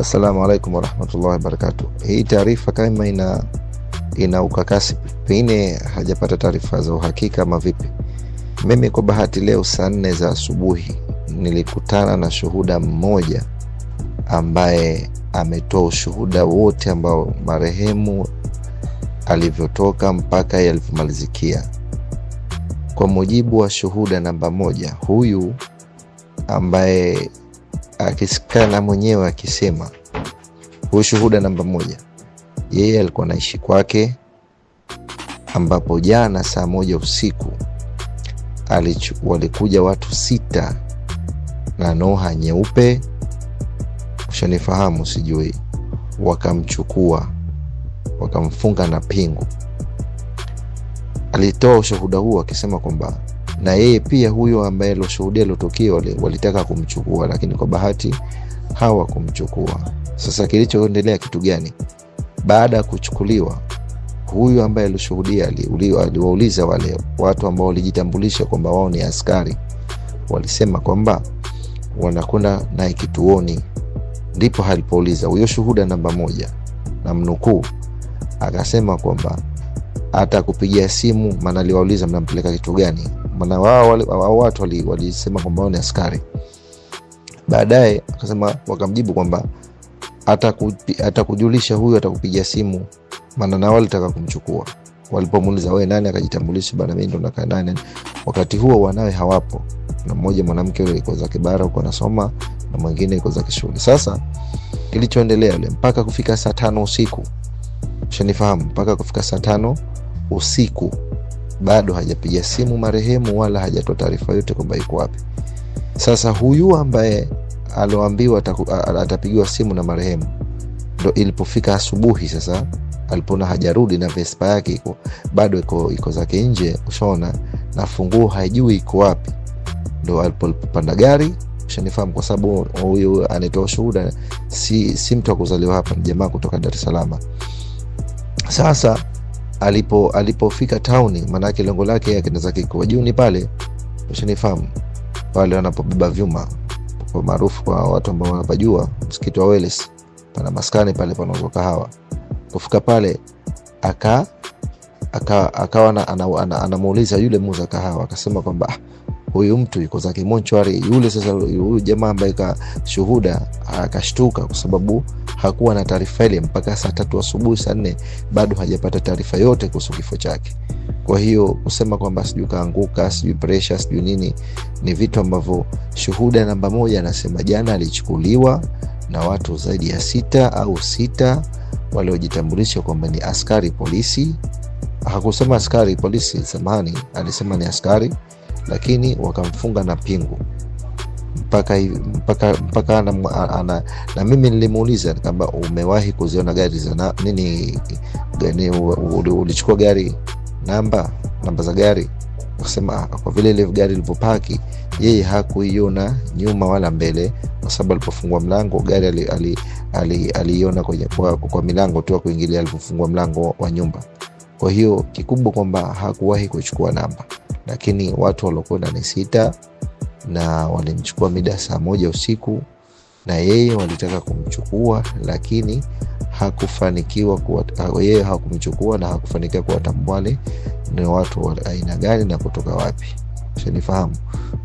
Assalamu alaikum warahmatullahi wabarakatuh. Hii taarifa kama ina, ina ukakasi pengine hajapata taarifa za uhakika ama vipi? Mimi kwa bahati leo saa nne za asubuhi nilikutana na shuhuda mmoja ambaye ametoa ushuhuda wote ambao marehemu alivyotoka mpaka yalivyomalizikia Kwa mujibu wa shuhuda namba moja, huyu ambaye akisikana mwenyewe akisema, huyo shuhuda namba moja, yeye alikuwa naishi kwake, ambapo jana saa moja usiku alichu, walikuja watu sita na noha nyeupe, ushanifahamu, sijui, wakamchukua wakamfunga na pingu. Alitoa ushuhuda huo akisema kwamba na yeye pia huyo ambaye aloshuhudia lotokio walitaka kumchukua, lakini kwa bahati hawakumchukua. Sasa kilichoendelea kitu gani? Baada ya kuchukuliwa huyu ambaye alishuhudia aliwauliza wale watu ambao walijitambulisha kwamba wao ni askari, walisema kwamba wanakwenda naye kituoni. Ndipo alipouliza huyo shuhuda namba moja, na mnukuu, akasema kwamba hata kupigia simu, maana aliwauliza mnampeleka kitu gani, maana wao wao watu walisema wali kwamba wao ni askari. Baadaye akasema wakamjibu kwamba atakujulisha huyu, atakupigia simu, maana na walitaka kumchukua. Walipomuuliza wewe nani, akajitambulisha bana, mimi ndo nakaa nani. Wakati huo wanawe hawapo, na mmoja mwanamke yule alikuwa zake bara huko anasoma, na mwingine yuko zake shule. Sasa kilichoendelea yule mpaka kufika saa tano usiku, ushanifahamu, mpaka kufika saa tano usiku bado hajapiga simu marehemu wala hajatoa taarifa yote kwamba yuko wapi. Sasa huyu ambaye aloambiwa atapigiwa simu na marehemu, ndo ilipofika asubuhi sasa alipona hajarudi na Vespa yake iko bado iko iko zake nje, ushaona na funguo haijui iko wapi, ndo alipopanda gari. Ushanifahamu, kwa sababu huyu anatoa shuhuda si, si mtu wa kuzaliwa hapa, ni jamaa kutoka Dar es Salaam. Sasa alipo alipofika tauni, maanake lengo lake zake kwa juni pale, ushanifahamu, pale wanapobeba vyuma kwa maarufu kwa watu ambao wanapajua, msikiti wa Wales, pana maskani pale panauzwa kahawa. Kufika pale aka akawa anamuuliza yule muuza kahawa, akasema kwamba ah, huyu mtu yuko zake monchwari Yule sasa, huyu jamaa ambaye ka kashuhuda akashtuka, kwa sababu hakuwa na taarifa ile mpaka saa tatu asubuhi saa nne bado hajapata taarifa yote kuhusu kifo chake. Kwa hiyo kusema kwamba sijui kaanguka, sijui presha, sijui nini, ni vitu ambavyo shuhuda namba moja anasema jana alichukuliwa na watu zaidi ya sita au sita waliojitambulisha kwamba ni askari polisi. Hakusema askari polisi, samahani, alisema ni askari lakini wakamfunga na pingu mpaka, mpaka, mpaka ana, ana, na mimi nilimuuliza kama umewahi kuziona gari za na, nini, gani ulichukua gari namba namba za gari akasema ah, kwa vile ile gari ilivyopaki yeye hakuiona nyuma wala mbele, kwa sababu alipofungua mlango gari aliiona ali, ali, ali kwa, kwa, kwa milango tu kuingilia alipofungua mlango wa nyumba. Kwa hiyo kikubwa kwamba hakuwahi kuchukua namba lakini watu waliokwenda ni sita na walimchukua mida saa moja usiku, na yeye walitaka kumchukua lakini hakufanikiwa yeye hakumchukua na hakufanikiwa kuwatambua ni watu wa aina gani na kutoka wapi. Shanifahamu.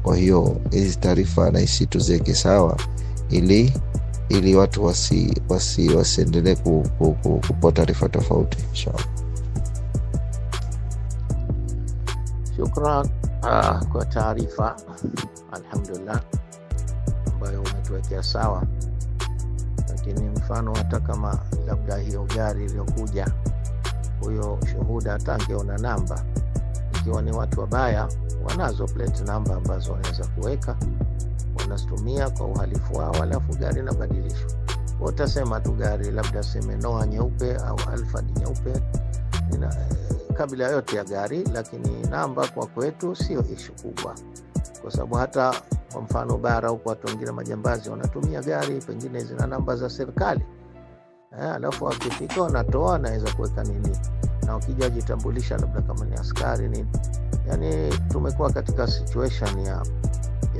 Kwa hiyo hizi taarifa nahisi tuziweke sawa ili ili watu wasiendelee wasi, wasi kupoa taarifa tofauti inshallah. Shukran uh, kwa taarifa alhamdulillah, ambayo umetuwekea sawa, lakini mfano hata kama labda hiyo gari iliyokuja huyo shuhuda hata angeona namba, ikiwa ni watu wabaya wanazo plate namba ambazo wanaweza kuweka wanazitumia kwa uhalifu wao, alafu gari inabadilishwa. Utasema tu gari labda semenoa nyeupe au alfad nyeupe makabila yote ya gari, lakini namba kwa kwetu sio ishu kubwa, kwa sababu hata kwa mfano bara huko watu wengine majambazi wanatumia gari pengine zina namba za serikali eh, alafu wakifika wanatoa, anaweza kuweka nini, na wakija wajitambulisha labda kama ni askari nini. Yani tumekuwa katika situation ya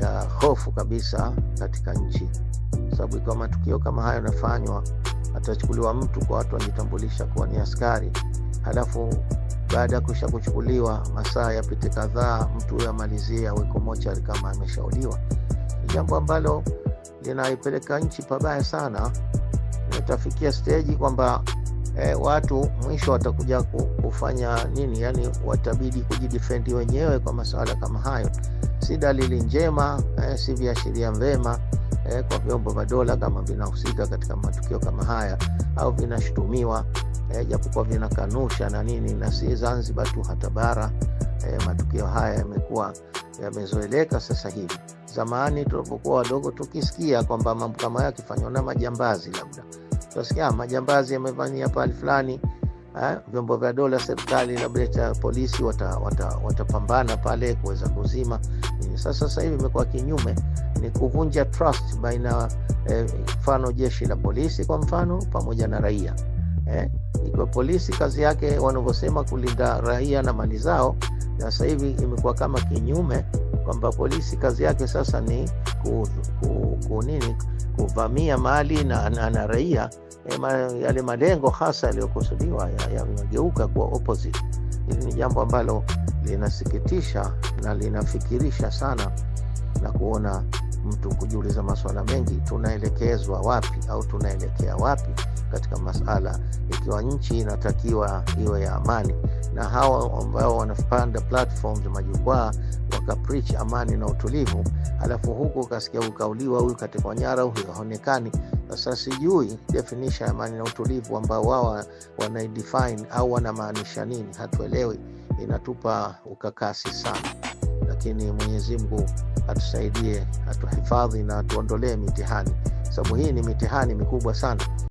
ya hofu kabisa katika nchi, sababu ikiwa matukio kama hayo yanafanywa, atachukuliwa mtu kwa watu wanajitambulisha kuwa ni askari halafu baada ya kuisha kuchukuliwa, masaa yapite kadhaa, mtu huyo amalizie aweko mochari kama ameshauliwa, jambo ambalo linaipeleka nchi pabaya sana. Itafikia steji kwamba eh, watu mwisho watakuja kufanya nini? Yani watabidi kujidifendi wenyewe kwa masuala kama hayo. Si dalili njema eh, si viashiria vyema eh, kwa vyombo vya dola kama vinahusika katika matukio kama haya au vinashutumiwa e, japokuwa vinakanusha na nini, na si Zanzibar tu, hata bara e, matukio haya yamekuwa yamezoeleka sasa hivi. Zamani tulipokuwa wadogo, tukisikia kwamba mambo kama hayo akifanywa na majambazi, labda tunasikia ah, majambazi yamevania pahali fulani Ha, eh, vyombo vya dola, serikali, labda cha polisi watapambana wata, wata pale kuweza kuzima. Sasa sasa hivi imekuwa kinyume, ni kuvunja trust baina mfano eh, jeshi la polisi kwa mfano pamoja na raia eh ikiwa polisi kazi yake wanavyosema kulinda raia na mali zao, na sasa hivi imekuwa kama kinyume, kwamba polisi kazi yake sasa ni ku, ku, ku nini kuvamia mali na, na, na raia e, yale malengo hasa yaliyokusudiwa yamegeuka ya kuwa opposite. Hili ni jambo ambalo linasikitisha na linafikirisha sana na kuona mtu kujiuliza maswala mengi, tunaelekezwa wapi au tunaelekea wapi? katika masala ikiwa nchi inatakiwa iwe ya amani, na hawa ambao wanapanda platform majukwaa wakaprich amani na utulivu, alafu huku ukasikia ukauliwa huyu katika nyara huyu haonekani. Sasa sijui definisha ya amani na utulivu ambao wao wanaidefine au wanamaanisha nini, hatuelewi. Inatupa ukakasi sana, lakini mwenyezimgu atusaidie, atuhifadhi na atuondolee mitihani, sababu hii ni mitihani mikubwa sana.